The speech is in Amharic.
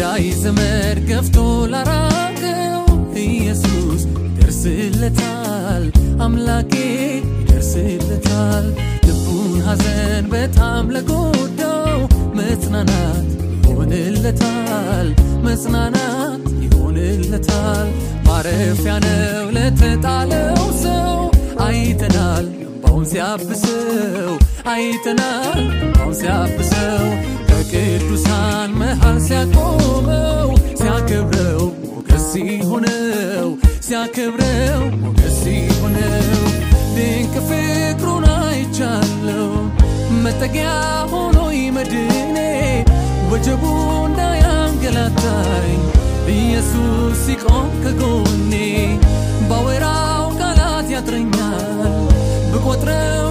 ዳይ ዘመድ ገፍቶ ላራቀው ኢየሱስ ይደርስለታል፣ አምላኬ ይደርስለታል። ልቡን ሐዘን በጣም ለጎዳው መጽናናት ይሆንለታል፣ መጽናናት ይሆንለታል። ማረፊያ ነው ለተጣለው ሰው አይተናል እንባውን ሲያብሰው አይተናል እንባውን ሲያብሰው በቅዱሳን መሃል ሲያቆም ነው ሲያከብረው ሞገስ ይሆነው ድንቅ ፍቅሩን አይቻለው መጠጊያ ሆኖ ይመድኔ ወጀቡ እንዳያንገላታኝ ኢየሱስ ሲቆም ከጎኔ ባወራው ቃላት ያጥረኛል ብቆጥረው